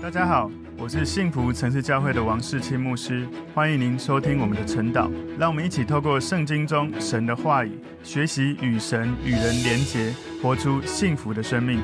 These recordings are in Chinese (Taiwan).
大家好，我是幸福城市教會的王世清牧師，歡迎您收聽我們的晨禱。讓我們一起透過聖經中神的話語，學習與神與人連結，活出幸福的生命。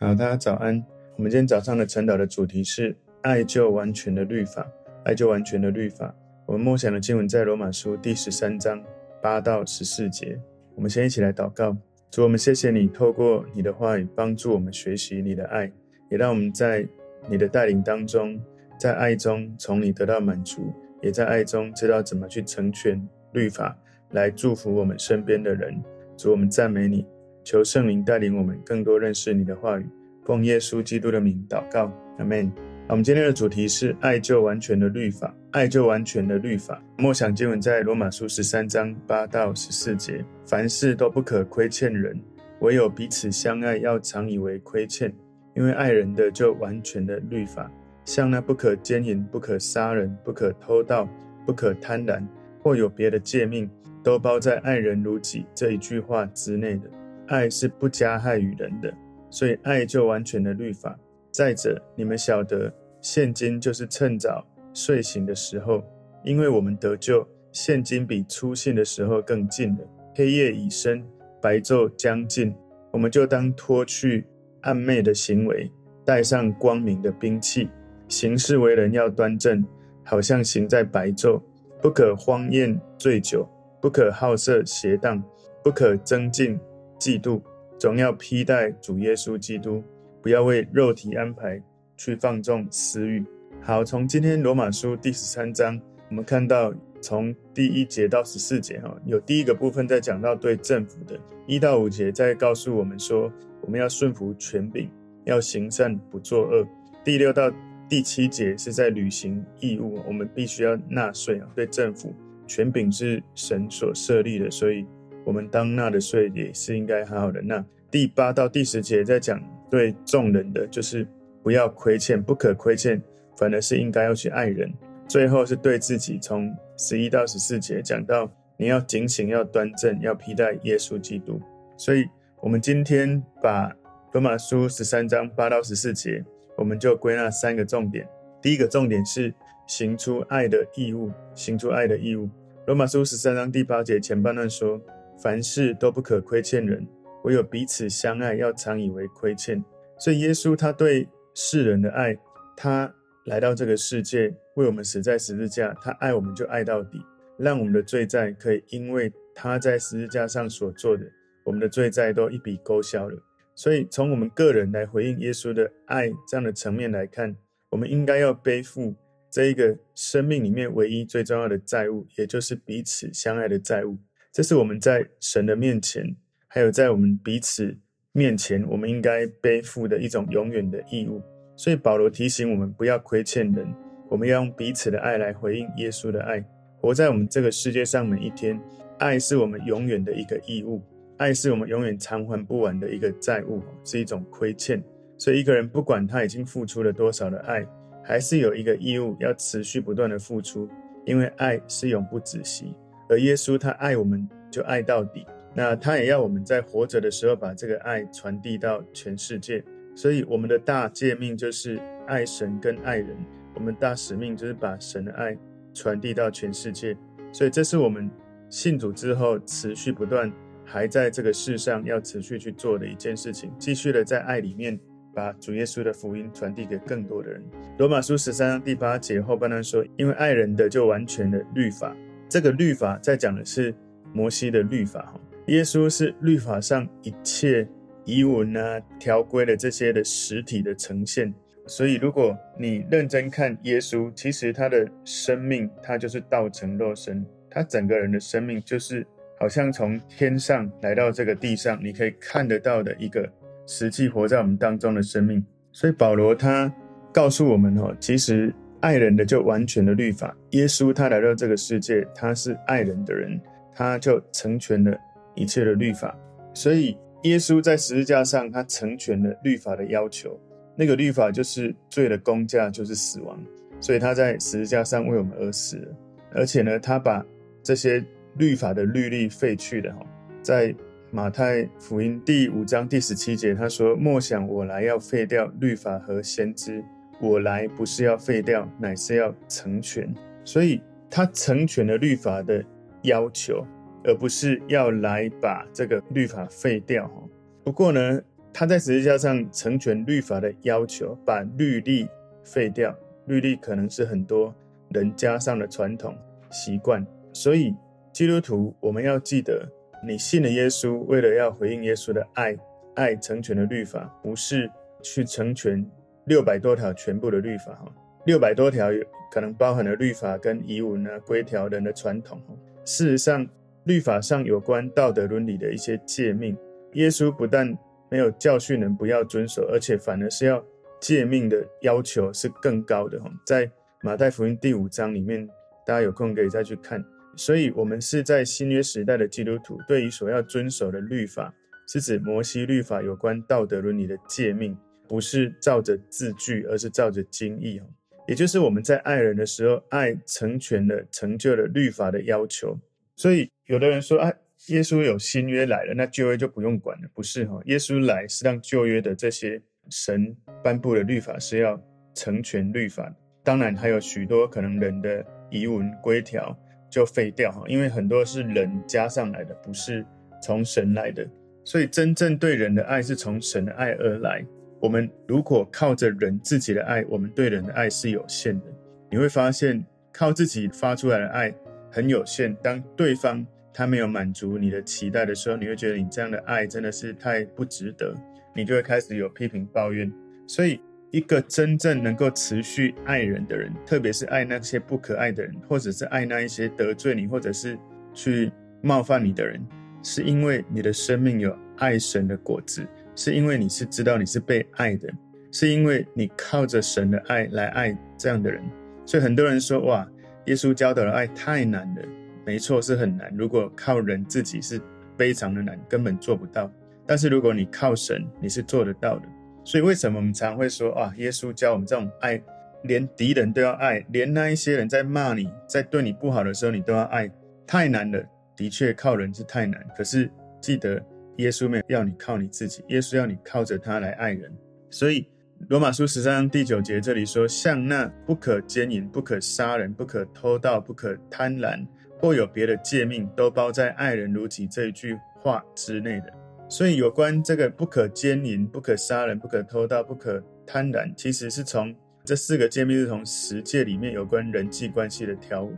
好，大家早安。我們今天早上的晨禱的主題是“愛就完全了律法”。愛就完全了律法。我們默想的經文在羅馬書第十三章八到十四節。我們先一起來禱告：主，我們謝謝你透過你的話語，幫助我們學習你的愛。也讓我們在你的帶領當中，在愛中從你得到滿足，也在愛中知道怎麼去成全律法，來祝福我們身邊的人。主，我們讚美你，求聖靈帶領我們更多認識你的話語。奉耶穌基督的名禱告，阿門。好，我們今天的主題是“愛就完全了律法”，“愛就完全了律法”。默想經文在羅馬書十三章八到十四節：凡事都不可虧欠人，唯有彼此相愛，要常以為虧欠。因為愛人的就完全的律法，像那不可姦淫、不可殺人、不可偷盜、不可貪婪，或有別的誡命，都包在“愛人如己”這一句話之內的。愛是不加害於人的，所以愛就完全的律法。再者，你們曉得，現今就是趁早睡醒的時候，因為我們得救，現今比初信的時候更近了。黑夜已深，白晝將近，我們就當脫去暗昧的行為，帶上光明的兵器，行事為人要端正，好像行在白晝，不可荒宴醉酒，不可好色邪蕩，不可爭競嫉妒，總要披戴主耶穌基督，不要為肉體安排去放縱私欲。好，從今天羅馬書第十三章，我們看到從第一節到十四節，哈，有第一個部分在講到對政府的，一到五節在告訴我們說。我們要順服權柄，要行善不作惡。第六到第七節是在履行義務，我們必須要納稅啊，對政府權柄是神所設立的，所以我們當納的稅也是應該很好的納。那第八到第十節在講對眾人的，就是不要虧欠，不可虧欠，反而是應該要去愛人。最後是對自己，從十一到十四節講到你要警醒，要端正，要披戴耶穌基督，所以。我們今天把羅馬書十三章八到十四節，我們就歸納三個重點。第一個重點是行出愛的義務，行出愛的義務。羅馬書十三章第八節前半段說：“凡事都不可虧欠人，唯有彼此相愛，要常以為虧欠。”所以耶穌他對世人的愛，他來到這個世界為我們死在十字架，他愛我們就愛到底，讓我們的罪債可以因為他在十字架上所做的。我們的罪債都一筆勾銷了，所以從我們個人來回應耶穌的愛這樣的層面來看，我們應該要背負這一個生命裡面唯一最重要的債務，也就是彼此相愛的債務。這是我們在神的面前，還有在我們彼此面前，我們應該背負的一種永遠的義務。所以保羅提醒我們，不要虧欠人，我們要用彼此的愛來回應耶穌的愛。活在我們這個世界上每一天，愛是我們永遠的一個義務。愛是我們永遠償還不完的一個債務，是一種虧欠。所以，一個人不管他已經付出了多少的愛，還是有一個義務要持續不斷的付出，因為愛是永不止息。而耶穌他愛我們，就愛到底。那他也要我們在活着的時候把這個愛傳遞到全世界。所以，我們的大誡命就是愛神跟愛人。我們大使命就是把神的愛傳遞到全世界。所以，這是我們信主之後持續不斷。還在這個世上要持續去做的一件事情，繼續的在愛裡面把主耶穌的福音傳遞給更多的人。羅馬書十三章第八節後半段說：“因為愛人的就完全的律法。”這個律法在講的是摩西的律法，哈，耶穌是律法上一切儀文啊條規的這些的實體的呈現。所以，如果你認真看耶穌，其實他的生命，他就是道成肉身，他整個人的生命就是。好像從天上來到這個地上，你可以看得到的一個實際活在我們當中的生命。所以保羅他告訴我們哦，其實愛人的就完全的律法。耶穌他來到這個世界，他是愛人的人，他就成全了一切的律法。所以耶穌在十字架上，他成全了律法的要求。那個律法就是罪的工價就是死亡，所以他在十字架上為我們而死。而且呢，他把這些。律法的律例廢去的哈，在馬太福音第五章第十七節，他說：“莫想我來要廢掉律法和先知，我來不是要廢掉，乃是要成全。”所以，他成全了律法的要求，而不是要來把這個律法廢掉。哈，不過呢，他在十字架上成全律法的要求，把律例廢掉。律例可能是很多人加上了傳統習慣，所以。基督徒，我們要記得，你信了耶穌，為了要回應耶穌的愛，愛成全的律法，不是去成全六百多條全部的律法哈，六百多條可能包含了律法跟儀文啊、規條人的傳統。事實上，律法上有關道德倫理的一些誡命，耶穌不但沒有教訓人不要遵守，而且反而是要誡命的要求是更高的。在馬太福音第五章裡面，大家有空可以再去看。所以，我們是在新約時代的基督徒，對於所要遵守的律法，是指摩西律法有關道德倫理的誡命，不是照着字句，而是照着經義。也就是我們在愛人的時候，愛成全了、成就了律法的要求。所以，有的人說：“啊，耶穌有新約來了，那舊約就不用管了。”不是哈？耶穌來是讓舊約的這些神頒布的律法是要成全律法。當然，還有許多可能人的遺文規條。就廢掉哈，因為很多是人加上來的，不是從神來的。所以真正對人的愛是從神的愛而來。我們如果靠着人自己的愛，我們對人的愛是有限的。你會發現，靠自己發出來的愛很有限。當對方他沒有滿足你的期待的時候，你會覺得你這樣的愛真的是太不值得，你就會開始有批評抱怨。所以。一個真正能夠持續愛人的人，特別是愛那些不可愛的人，或者是愛那一些得罪你，或者是去冒犯你的人，是因為你的生命有愛神的果子，是因為你是知道你是被愛的，是因為你靠着神的愛來愛這樣的人。所以很多人說，哇，耶穌教導的愛太難了。沒錯，是很難。如果靠人自己是非常的難，根本做不到。但是如果你靠神，你是做得到的。所以為什麼我們常會說啊？耶穌教我們這種愛，連敵人都要愛，連那一些人在罵你、在對你不好的時候，你都要愛。太難了，的確靠人是太難。可是記得，耶穌沒有要你靠你自己，耶穌要你靠着他來愛人。所以羅馬書十三章第九節這裡說：“像那不可姦淫、不可殺人、不可偷盜、不可貪婪，或有別的誡命，都包在‘愛人如己’這一句話之內的。”所以，有關這個不可姦淫、不可殺人、不可偷盜、不可貪婪，其實是從這四個戒命，是從十戒裡面有關人際關係的條文，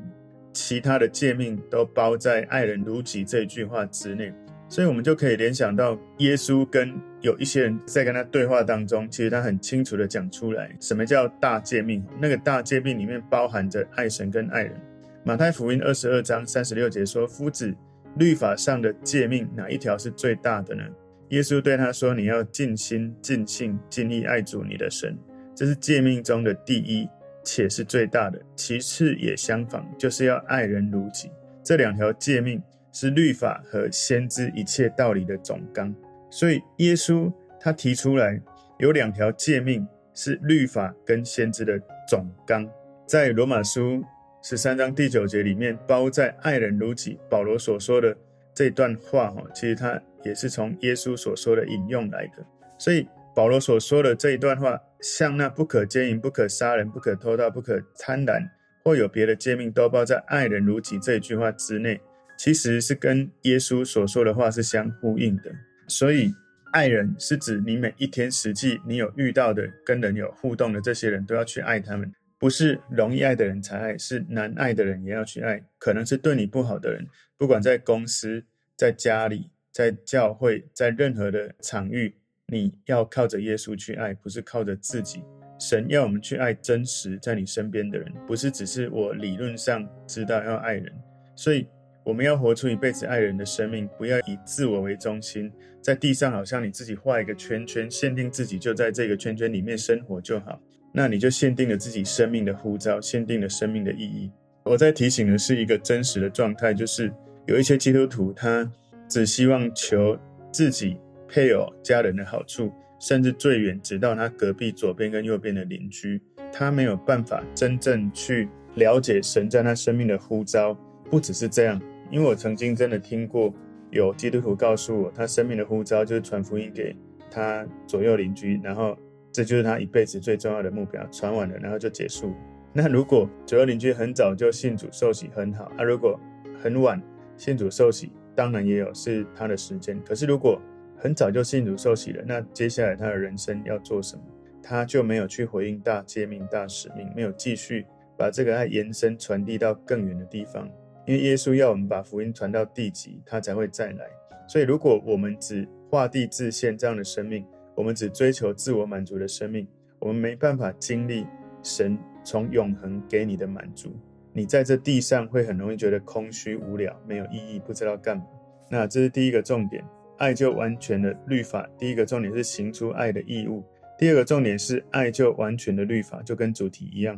其他的戒命都包在“愛人如己”這句話之內。所以我們就可以聯想到，耶穌跟有一些人在跟他對話當中，其實他很清楚地講出來，什麼叫大戒命。那個大戒命裡面包含着愛神跟愛人。馬太福音二十二章三十六節說：“夫子。”律法上的誡命哪一條是最大的呢？耶穌對他說：“你要盡心、盡性、盡力愛主你的神，這是誡命中的第一，且是最大的。其次也相仿，就是要愛人如己。這兩條誡命是律法和先知一切道理的總綱。所以耶穌他提出來有兩條誡命是律法跟先知的總綱，在羅馬書。”十三章第九節裡面，包在愛人如己，保羅所說的這段話，哈，其實他也是從耶穌所說的引用來的。所以保羅所說的這一段話，像那不可姦淫、不可殺人、不可偷盜、不可貪婪，或有別的誡命，都包在愛人如己這一句話之內，其實是跟耶穌所說的話是相呼應的。所以愛人是指你每一天實際你有遇到的、跟人有互動的這些人都要去愛他們。不是容易愛的人才愛，是難愛的人也要去愛。可能是對你不好的人，不管在公司、在家裡、在教會、在任何的場域，你要靠着耶穌去愛，不是靠着自己。神要我們去愛真實在你身邊的人，不是只是我理論上知道要愛人。所以我們要活出一輩子愛人的生命，不要以自我為中心，在地上好像你自己畫一個圈圈，限定自己就在這個圈圈裡面生活就好。那你就限定了自己生命的呼召，限定了生命的意義。我在提醒的是一個真實的狀態，就是有一些基督徒，他只希望求自己配偶、家人的好處，甚至最遠直到他隔壁左邊跟右邊的鄰居，他沒有辦法真正去了解神在他生命的呼召，不只是這樣，因為我曾經真的聽過有基督徒告訴我，他生命的呼召就是傳福音給他左右鄰居，然後。這就是他一輩子最重要的目標，傳完了，然後就結束。那如果左右鄰居很早就信主受洗，很好啊。如果很晚信主受洗，當然也有是他的時間。可是如果很早就信主受洗了，那接下來他的人生要做什麼？他就沒有去回應大誡命、大使命，沒有繼續把這個愛延伸、傳遞到更遠的地方。因為耶穌要我們把福音傳到地極，他才會再來。所以如果我們只畫地自限這樣的生命，我們只追求自我滿足的生命，我們沒辦法經歷神從永恆給你的滿足。你在這地上會很容易覺得空虛、無聊、沒有意義，不知道幹嘛。那這是第一個重點，愛就完全了律法。第一個重點是行出愛的義務。第二個重點是愛就完全了律法，就跟主題一樣。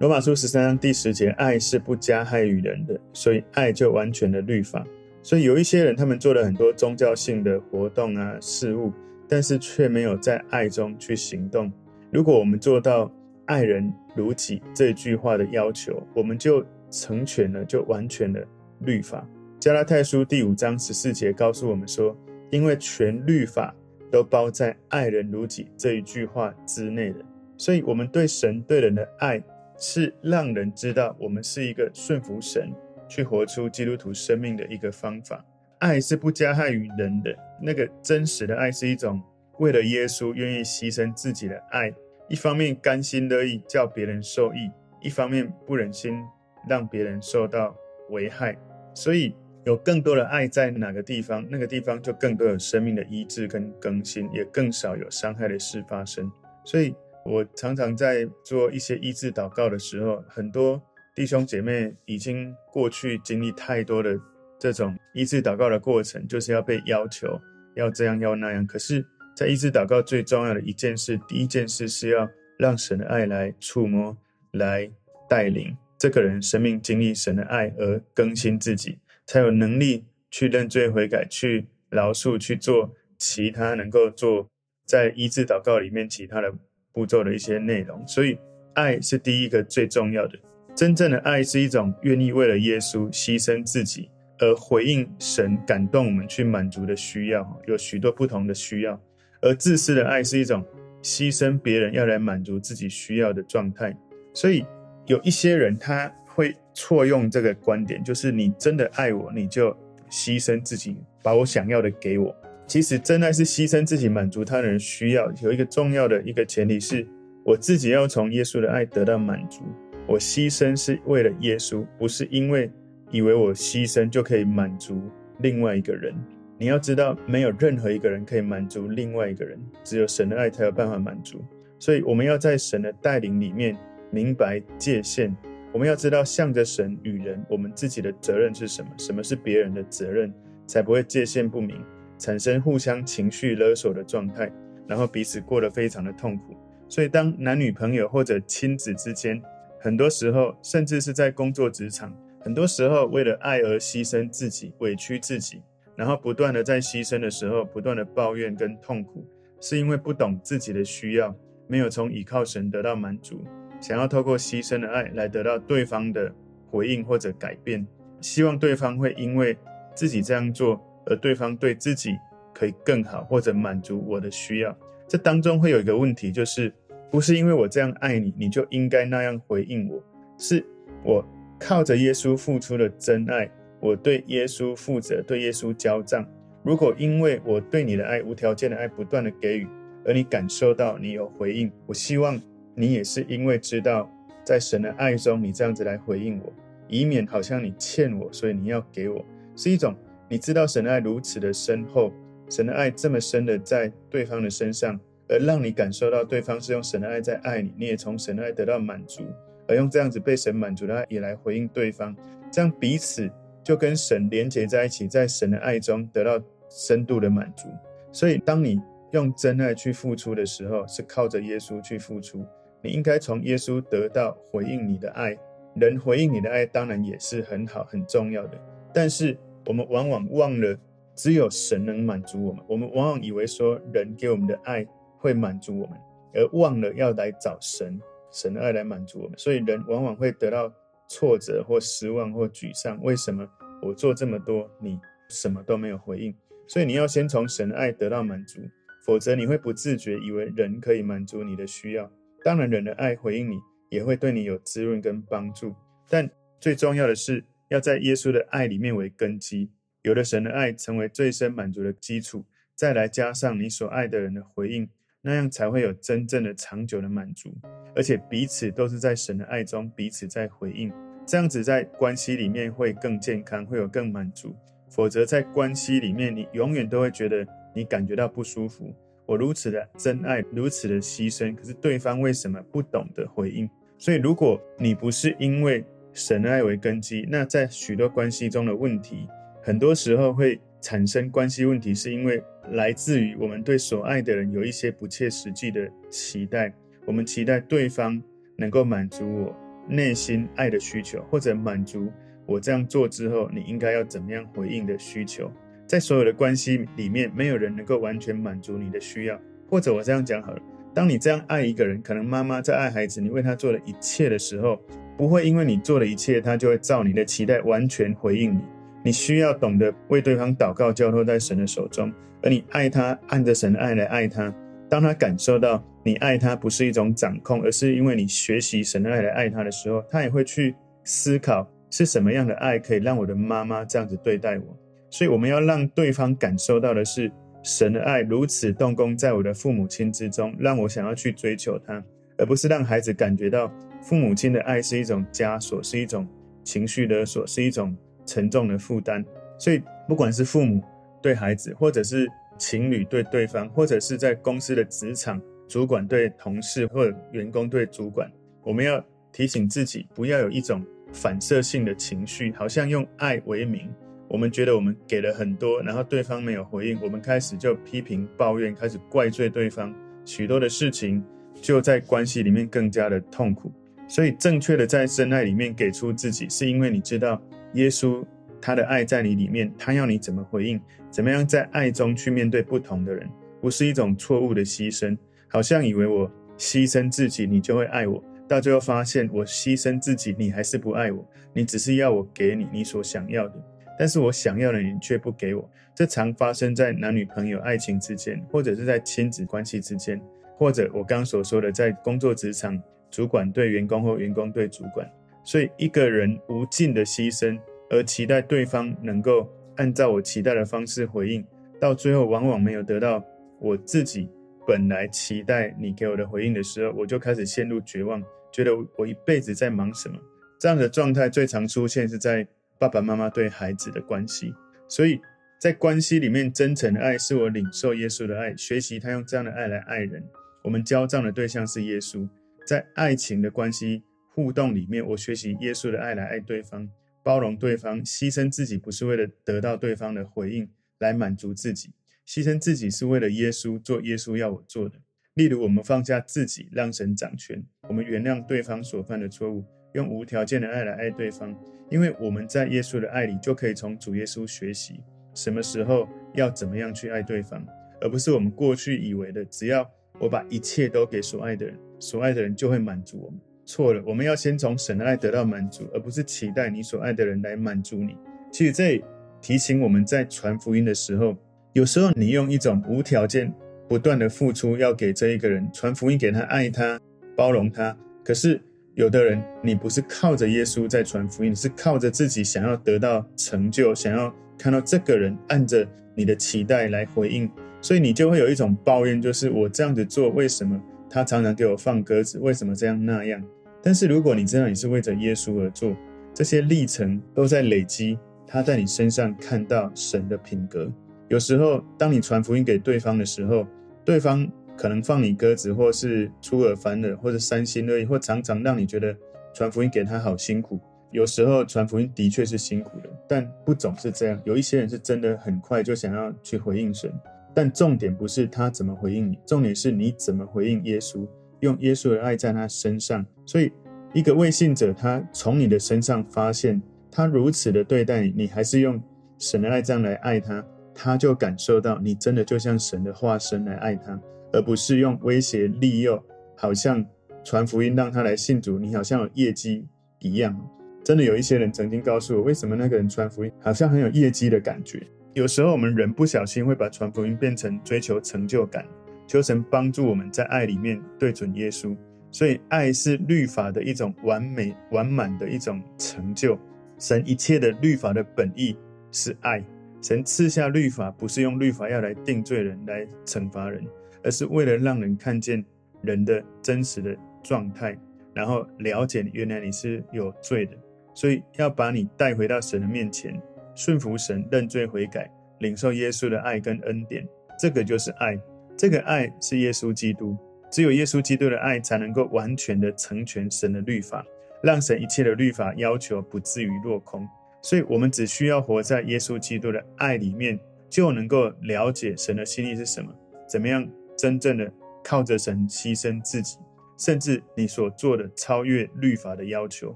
羅馬書十三章第十節：愛是不加害於人的，所以愛就完全了律法。所以有一些人，他們做了很多宗教性的活動啊、事物。但是卻沒有在愛中去行動。如果我們做到愛人如己這一句話的要求，我們就成全了，就完全了律法。加拉太書第五章十四節告訴我們說：“因為全律法都包在愛人如己這一句話之內了。”所以，我們對神對人的愛，是讓人知道我們是一個順服神去活出基督徒生命的一個方法。愛是不加害於人的。那個真實的愛是一種為了耶穌願意犧牲自己的愛，一方面甘心樂意叫別人受益，一方面不忍心讓別人受到危害。所以有更多的愛在哪個地方，那個地方就更多有生命的醫治跟更新，也更少有傷害的事發生。所以我常常在做一些醫治禱告的時候，很多弟兄姐妹已經過去經歷太多的這種醫治禱告的過程，就是要被要求。要這樣，要那樣。可是，在醫治禱告最重要的一件事，第一件事是要讓神的愛來觸摸、來帶領這個人生命經歷神的愛，而更新自己，才有能力去認罪悔改、去饒恕、去做其他能夠做在醫治禱告裡面其他的步驟的一些內容。所以，愛是第一個最重要的。真正的愛是一種願意為了耶穌犧牲自己，而回應神感動我們去滿足的需要，有許多不同的需要。而自私的愛是一種犧牲別人要來滿足自己需要的狀態。所以有一些人他會錯用這個觀點，就是你真的愛我，你就犧牲自己，把我想要的給我。其實真愛是犧牲自己滿足他人需要。有一個重要的一個前提是我自己要從耶穌的愛得到滿足。我犧牲是為了耶穌，不是因為。以為我犧牲就可以滿足另外一個人，你要知道，沒有任何一個人可以滿足另外一個人，只有神的愛才有辦法滿足。所以我們要在神的帶領裡面明白界限。我們要知道，向着神與人，我們自己的責任是什麼，什麼是別人的責任，才不會界限不明，產生互相情緒勒索的狀態，然後彼此過得非常的痛苦。所以，當男女朋友或者親子之間，很多時候，甚至是在工作職場。很多時候，為了愛而犧牲自己、委屈自己，然後不斷的在犧牲的時候不斷的抱怨跟痛苦，是因為不懂自己的需要，沒有從倚靠神得到滿足，想要透過犧牲的愛來得到對方的回應或者改變，希望對方會因為自己這樣做而對方對自己可以更好或者滿足我的需要。這當中會有一個問題，就是不是因為我這樣愛你，你就應該那樣回應我，是我，靠着耶穌付出的真愛，我對耶穌負責，對耶穌交賬。如果因為我對你的愛無條件的愛不斷的給予，而你感受到你有回應，我希望你也是因為知道在神的愛中，你這樣子來回應我，以免好像你欠我，所以你要給我，是一種你知道神的愛如此的深厚，神的愛這麼深的在對方的身上，而讓你感受到對方是用神的愛在愛你，你也從神的愛得到滿足。而用這樣子被神滿足的愛，也來回應對方，這樣彼此就跟神連結在一起，在神的愛中得到深度的滿足。所以，當你用真愛去付出的時候，是靠着耶穌去付出。你應該從耶穌得到回應你的愛。人回應你的愛當然也是很好、很重要的，但是我們往往忘了，只有神能滿足我們。我們往往以為說，人給我們的愛會滿足我們，而忘了要來找神。神的愛來滿足我們，所以人往往會得到挫折或失望或沮喪。為什麼我做這麼多，你什麼都沒有回應？所以你要先從神的愛得到滿足，否則你會不自覺以為人可以滿足你的需要。當然，人的愛回應你，也會對你有滋潤跟幫助。但最重要的是要在耶穌的愛裡面為根基，有了神的愛成為最深滿足的基礎，再來加上你所愛的人的回應。那樣才會有真正的長久的滿足，而且彼此都是在神的愛中，彼此在回應。這樣子在關係裡面會更健康，會有更滿足。否則在關係裡面，你永遠都會覺得你感覺到不舒服。我如此的真愛，如此的犧牲，可是對方為什麼不懂得回應？所以如果你不是因為神的愛為根基，那在許多關係中的問題，很多時候會。產生關係問題，是因為來自於我們對所愛的人有一些不切實際的期待。我們期待對方能夠滿足我內心愛的需求，或者滿足我這樣做之後你應該要怎麼樣回應的需求。在所有的關係裡面，沒有人能夠完全滿足你的需要。或者我這樣講好了，當你這樣愛一個人，可能媽媽在愛孩子，你為他做了一切的時候，不會因為你做了一切，他就會照你的期待完全回應你。你需要懂得為對方禱告，交托在神的手中，而你愛他，按着神的愛來愛他。當他感受到你愛他不是一種掌控，而是因為你學習神的愛來愛他的時候，他也會去思考是什麼樣的愛可以讓我的媽媽這樣子對待我。所以，我們要讓對方感受到的是神的愛如此動工在我的父母親之中，讓我想要去追求他，而不是讓孩子感覺到父母親的愛是一種枷鎖，是一種情緒勒索，是一種，沉重的負擔，所以不管是父母對孩子，或者是情侶對對方，或者是在公司的職場主管對同事，或者員工對主管，我們要提醒自己，不要有一種反射性的情緒，好像用愛為名，我們覺得我們給了很多，然後對方沒有回應，我們開始就批評抱怨，開始怪罪對方，許多的事情就在關係裡面更加的痛苦。所以，正確的在深愛裡面給出自己，是因為你知道。耶穌，他的愛在你裡面，他要你怎麼回應？怎麼樣在愛中去面對不同的人？不是一種錯誤的犧牲，好像以為我犧牲自己，你就會愛我，到最後發現我犧牲自己，你還是不愛我。你只是要我給你你所想要的，但是我想要的你卻不給我。這常發生在男女朋友愛情之間，或者是在親子關係之間，或者我剛所說的在工作職場，主管對員工或員工對主管。所以一個人無盡的犧牲，而期待對方能夠按照我期待的方式回應，到最後往往沒有得到我自己本來期待你給我的回應的時候，我就開始陷入絕望，覺得我一輩子在忙什麼？這樣的狀態最常出現是在爸爸媽媽對孩子的關係。所以在關係裡面，真誠的愛是我領受耶穌的愛，學習他用這樣的愛來愛人。我們交帳的對象是耶穌，在愛情的關係，互動裡面，我學習耶穌的愛來愛對方，包容對方，犧牲自己，不是為了得到對方的回應來滿足自己，犧牲自己是為了耶穌，做耶穌要我做的。例如，我們放下自己，讓神掌權；我們原諒對方所犯的錯誤，用無條件的愛來愛對方，因為我們在耶穌的愛裡，就可以從主耶穌學習什麼時候要怎麼樣去愛對方，而不是我們過去以為的，只要我把一切都給所愛的人，所愛的人就會滿足我們。錯了，我們要先從神的愛得到滿足，而不是期待你所愛的人來滿足你。其實這也提醒我們在傳福音的時候，有時候你用一種無條件、不斷的付出，要給這一個人傳福音，給他愛他、包容他。可是有的人，你不是靠着耶穌在傳福音，你是靠着自己想要得到成就，想要看到這個人按着你的期待來回應，所以你就會有一種抱怨，就是我這樣子做，為什麼他常常給我放鴿子？為什麼這樣那樣？但是，如果你知道你是為着耶穌而做，這些歷程都在累積，他在你身上看到神的品格。有時候，當你傳福音給對方的時候，對方可能放你鴿子，或是出爾反爾，或者三心二意，或常常讓你覺得傳福音給他好辛苦。有時候傳福音的確是辛苦的，但不總是這樣。有一些人是真的很快就想要去回應神，但重點不是他怎麼回應你，重點是你怎麼回應耶穌。用耶穌的愛在他身上，所以一個未信者，他從你的身上發現他如此的對待你，你還是用神的愛這樣來愛他，他就感受到你真的就像神的化身來愛他，而不是用威脅利誘，好像傳福音讓他來信主，你好像有業績一樣。真的有一些人曾經告訴我，為什麼那個人傳福音好像很有業績的感覺？有時候我們人不小心會把傳福音變成追求成就感。求神幫助我們在愛裡面對準耶穌，所以愛是律法的一種完美、完滿的一種成就。神一切的律法的本意是愛。神賜下律法，不是用律法要來定罪人、來懲罰人，而是為了讓人看見人的真實的狀態，然後了解原來你是有罪的。所以要把你帶回到神的面前，順服神、認罪悔改、領受耶穌的愛跟恩典，這個就是愛。這個愛是耶穌基督，只有耶穌基督的愛才能夠完全的成全神的律法，讓神一切的律法要求不至於落空。所以，我們只需要活在耶穌基督的愛裡面，就能夠了解神的心意是什麼，怎麼樣真正的靠着神犧牲自己，甚至你所做的超越律法的要求。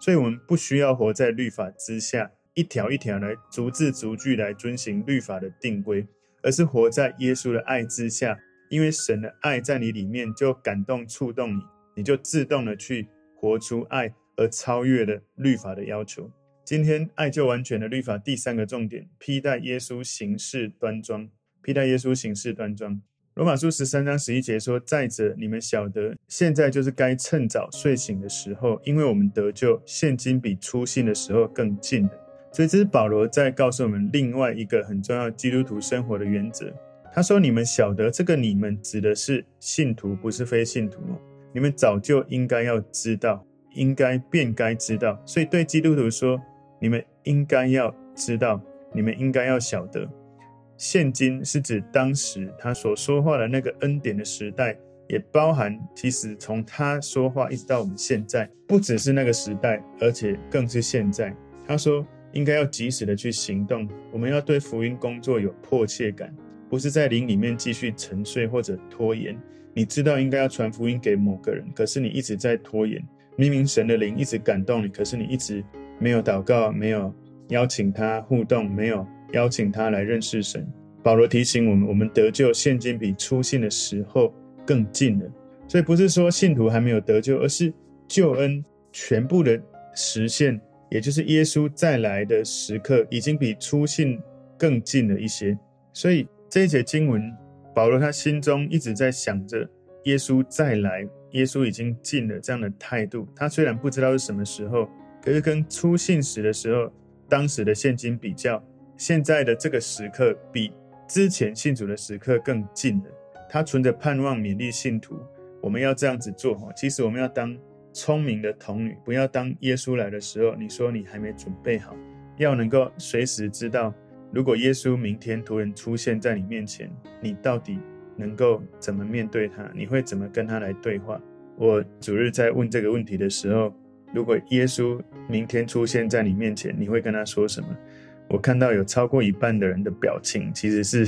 所以，我們不需要活在律法之下，一條一條來逐字逐句來遵行律法的定規，而是活在耶穌的愛之下，因為神的愛在你裡面就感動觸動你，你就自動的去活出愛而超越了律法的要求。今天愛就完全了律法第三個重點，披戴耶穌行事端莊。披戴耶穌行事端莊。羅馬書十三章十一節說：“再者，你們曉得，現在就是該趁早睡醒的時候，因為我們得救，現今比初信的時候更近了。”所以這是保羅在告訴我們另外一個很重要基督徒生活的原則。他說：“你們曉得這個，你們指的是信徒，不是非信徒嗎？你們早就應該要知道，應該便該知道。所以對基督徒說，你們應該要知道，你們應該要曉得。現今是指當時他所說話的那個恩典的時代，也包含其實從他說話一直到我們現在，不只是那個時代，而且更是現在。”他說，應該要及時的去行動。我們要對福音工作有迫切感，不是在靈裡面繼續沉睡或者拖延。你知道應該要傳福音給某個人，可是你一直在拖延。明明神的靈一直感動你，可是你一直沒有禱告，沒有邀請他互動，沒有邀請他來認識神。保羅提醒我們，我們得救現今比初信的時候更近了。所以不是說信徒還沒有得救，而是救恩全部的實現。也就是耶穌再來的時刻已經比初信更近了一些，所以這一節經文，保羅他心中一直在想着耶穌再來，耶穌已經近了這樣的態度。他雖然不知道是什麼時候，可是跟初信時的時候，當時的現今比較，現在的這個時刻比之前信主的時刻更近了。他存着盼望，勉勵信徒，我們要這樣子做。其實我們要當。聰明的童女，不要當耶穌來的時候，你說你還沒準備好。要能夠隨時知道，如果耶穌明天突然出現在你面前，你到底能夠怎麼面對他？你會怎麼跟他來對話？我主日在問這個問題的時候，如果耶穌明天出現在你面前，你會跟他說什麼？我看到有超過一半的人的表情，其實是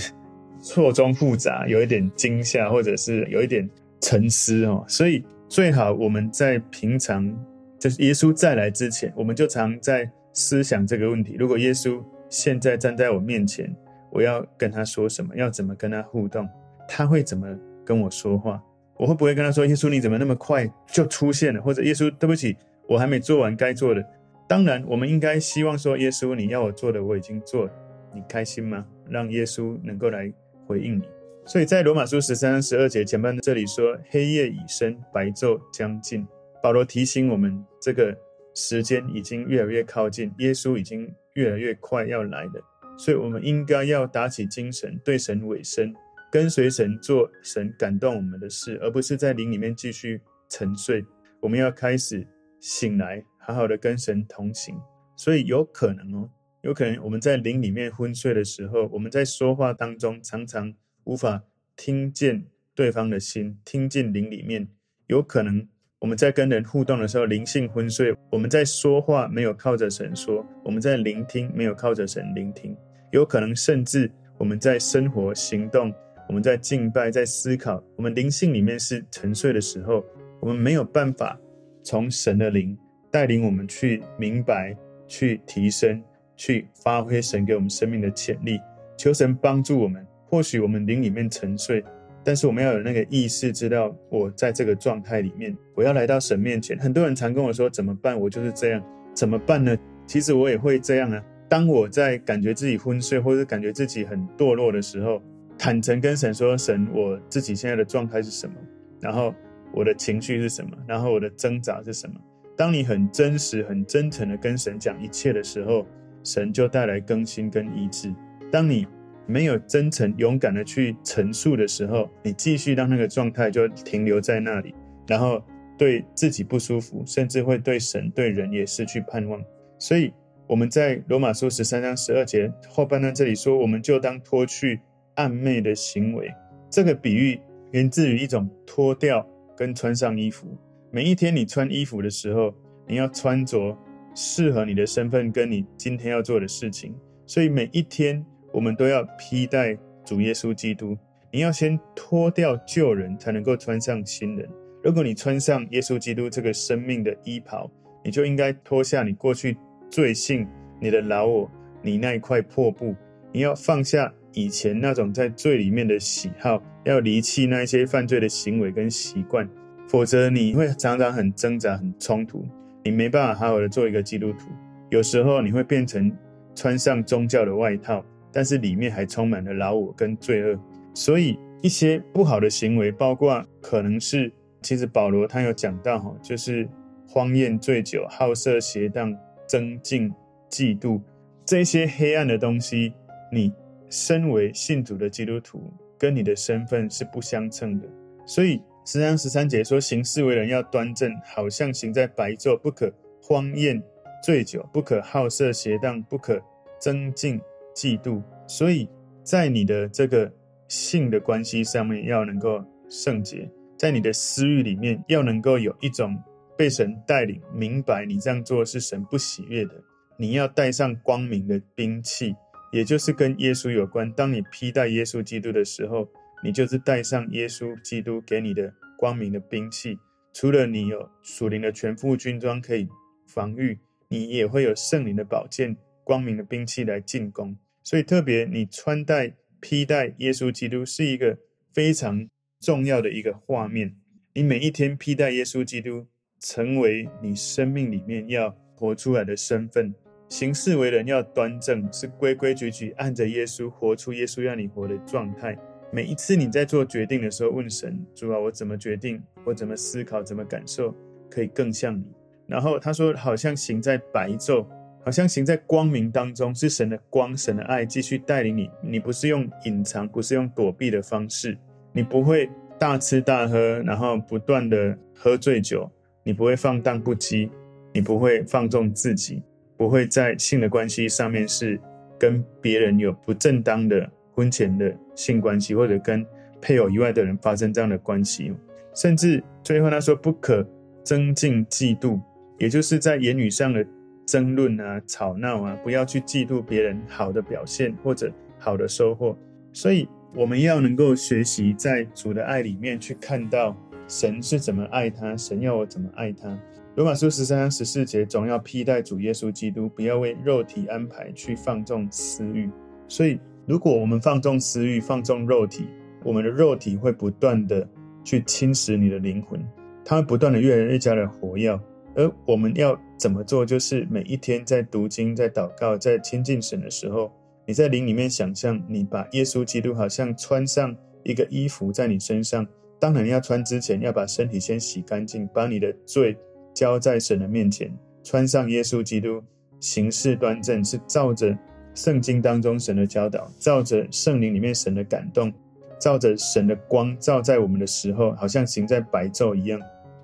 錯綜複雜，有一點驚嚇，或者是有一點沉思哦，所以。最好我們在平常，就是耶穌再來之前，我們就常在思想這個問題。如果耶穌現在站在我面前，我要跟他說什麼？要怎麼跟他互動？他會怎麼跟我說話？我會不會跟他說：“耶穌，你怎麼那麼快就出現了？”或者“耶穌，對不起，我還沒做完該做的。”當然，我們應該希望說：“耶穌，你要我做的我已經做了，你開心嗎？”讓耶穌能夠來回應你。所以在羅馬書十三十二節前半，這裡說：“黑夜已深，白晝將近。”保羅提醒我們，這個時間已經越來越靠近，耶穌已經越來越快要來了。所以，我們應該要打起精神，對神委身，跟隨神做神感動我們的事，而不是在靈裡面繼續沉睡。我們要開始醒來，好好的跟神同行。所以，有可能哦，有可能我們在靈裡面昏睡的時候，我們在說話當中常常。無法聽見對方的心，聽見靈裡面，有可能我們在跟人互動的時候，靈性昏睡，我們在說話沒有靠着神說，我們在聆聽沒有靠着神聆聽，有可能甚至我們在生活行動，我們在敬拜，在思考，我們靈性裡面是沉睡的時候，我們沒有辦法從神的靈帶領我們去明白、去提升、去發揮神給我們生命的潛力。求神幫助我們。或許我們靈裡面沉睡，但是我們要有那個意識，知道我在這個狀態裡面，我要來到神面前。很多人常跟我說：“怎麼辦？我就是這樣，怎麼辦呢？”其實我也會這樣啊。當我在感覺自己昏睡，或者感覺自己很墮落的時候，坦誠跟神說：“神，我自己現在的狀態是什麼？然後我的情緒是什麼？然後我的掙扎是什麼？”當你很真實、很真誠的跟神講一切的時候，神就帶來更新跟醫治。當你沒有真誠勇敢的去陳述的時候，你繼續讓那個狀態就停留在那裡，然後對自己不舒服，甚至會對神、對人也失去盼望。所以我們在羅馬書十三章十二節後半段這裡說：“我們就當脫去暗昧的行為。”這個比喻源自於一種脫掉跟穿上衣服。每一天你穿衣服的時候，你要穿着適合你的身份跟你今天要做的事情。所以每一天，我們都要披戴主耶穌基督。你要先脫掉舊人，才能夠穿上新人。如果你穿上耶穌基督這個生命的衣袍，你就應該脫下你過去罪性、你的老我、你那一塊破布。你要放下以前那種在罪裡面的喜好，要離棄那些犯罪的行為跟習慣，否則你會常常很掙扎、很衝突，你沒辦法好好的做一個基督徒。有時候你會變成穿上宗教的外套。但是裡面還充滿了老我跟罪惡，所以一些不好的行為，包括可能是，其實保羅他有講到哈，就是荒宴、醉酒、好色、邪蕩、爭競、嫉妒，這些黑暗的東西，你身為信主的基督徒，跟你的身份是不相稱的。所以十三十三節說，行事為人要端正，好像行在白晝，不可荒宴、醉酒，不可好色、邪蕩，不可爭競、嫉妒，所以在你的這個性的關係上面要能夠聖潔，在你的私欲裡面要能夠有一種被神帶領明白，你這樣做是神不喜悅的。你要帶上光明的兵器，也就是跟耶穌有關。當你披戴耶穌基督的時候，你就是帶上耶穌基督給你的光明的兵器。除了你有屬靈的全副軍裝可以防禦，你也會有聖靈的寶劍，光明的兵器來進攻，所以特別你穿戴披戴耶穌基督是一個非常重要的一個畫面。你每一天披戴耶穌基督，成為你生命裡面要活出來的身份。行事為人要端正，是規規矩矩按着耶穌活出耶穌讓你活的狀態。每一次你在做決定的時候，問神主啊，我怎麼決定？我怎麼思考？怎麼感受？可以更像你。然後他說，好像行在白晝。好像行在光明當中，是神的光，神的愛繼續帶領你。你不是用隱藏，不是用躲避的方式。你不會大吃大喝，然後不斷的喝醉酒。你不會放蕩不羈，你不會放縱自己，不會在性的關係上面是跟別人有不正當的婚前的性關係，或者跟配偶以外的人發生這樣的關係。甚至最後他說不可爭競嫉妒，也就是在言語上的。爭論啊、吵鬧啊，不要去嫉妒別人好的表現或者好的收穫。所以我們要能夠學習在主的愛裡面去看到神是怎麼愛他，神要我怎麼愛他。羅馬書十三十四節，總要披戴主耶穌基督，不要為肉體安排去放縱私欲。所以如果我們放縱私欲，放縱肉體，我們的肉體會不斷地去侵蝕你的靈魂，它會不斷地越來越加的活躍，而我們要。怎麼做？就是每一天在讀經、在禱告、在親近神的時候，你在靈裡面想象，你把耶穌基督好像穿上一個衣服在你身上。當然要穿之前，要把身體先洗乾淨，把你的罪交在神的面前，穿上耶穌基督，行事端正，是照着聖經當中神的教導，照着聖靈裡面神的感動，照着神的光照在我們的時候，好像行在白晝一樣。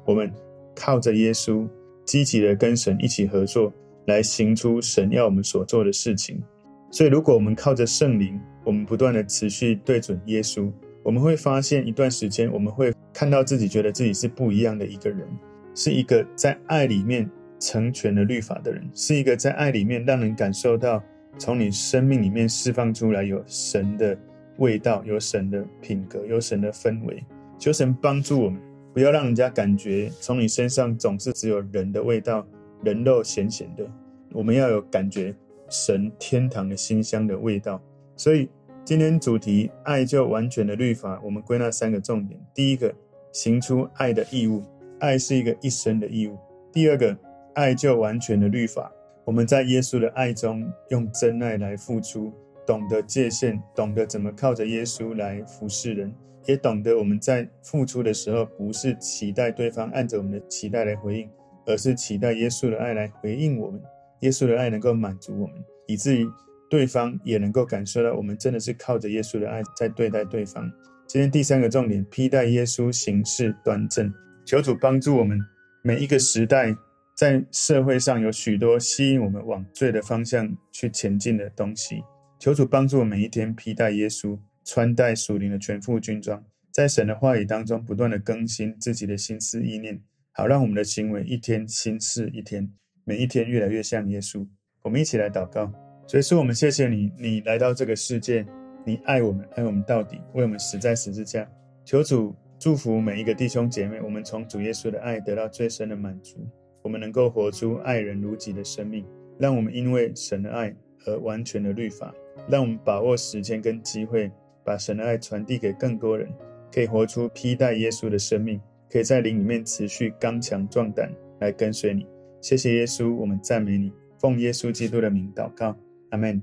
我們靠着耶穌。積極的跟神一起合作，來行出神要我們所做的事情。所以，如果我們靠着聖靈，我們不斷的持續對準耶穌，我們會發現一段時間，我們會看到自己覺得自己是不一樣的一個人，是一個在愛裡面成全了律法的人，是一個在愛裡面讓人感受到從你生命裡面釋放出來有神的味道，有神的品格，有神的氛圍。求神幫助我們。不要讓人家感覺從你身上總是只有人的味道，人肉鹹鹹的。我們要有感覺神天堂的馨香的味道。所以今天主題愛就完全了律法，我們歸納三個重點。第一個，行出愛的義務，愛是一個一生的義務。第二個，愛就完全了律法，我們在耶穌的愛中用真愛來付出，懂得界限，懂得怎麼靠着耶穌來服侍人。也懂得我們在付出的時候，不是期待對方按着我們的期待來回應，而是期待耶穌的愛來回應我們。耶穌的愛能夠滿足我們，以至於對方也能夠感受到我們真的是靠着耶穌的愛在對待對方。今天第三個重點，披戴耶穌，行事端正。求主幫助我們，每一個時代在社會上有許多吸引我們往罪的方向去前進的東西。求主幫助我們每一天披戴耶穌。穿戴屬靈的全副軍裝，在神的話語當中不斷地更新自己的心思意念，好讓我們的行為一天新似一天，每一天越來越像耶穌。我們一起來禱告：，主耶穌，我們謝謝你，你來到這個世界，你愛我們，愛我們到底，為我們死在十字架。求主祝福每一個弟兄姐妹，我們從主耶穌的愛得到最深的滿足，我們能夠活出愛人如己的生命。讓我們因為神的愛而完全了律法，讓我們把握時間跟機會。把神的愛傳遞給更多人，可以活出披戴耶穌的生命，可以在靈裡面持續剛強壯膽來跟隨你。謝謝耶穌，我們讚美你，奉耶穌基督的名禱告，阿們。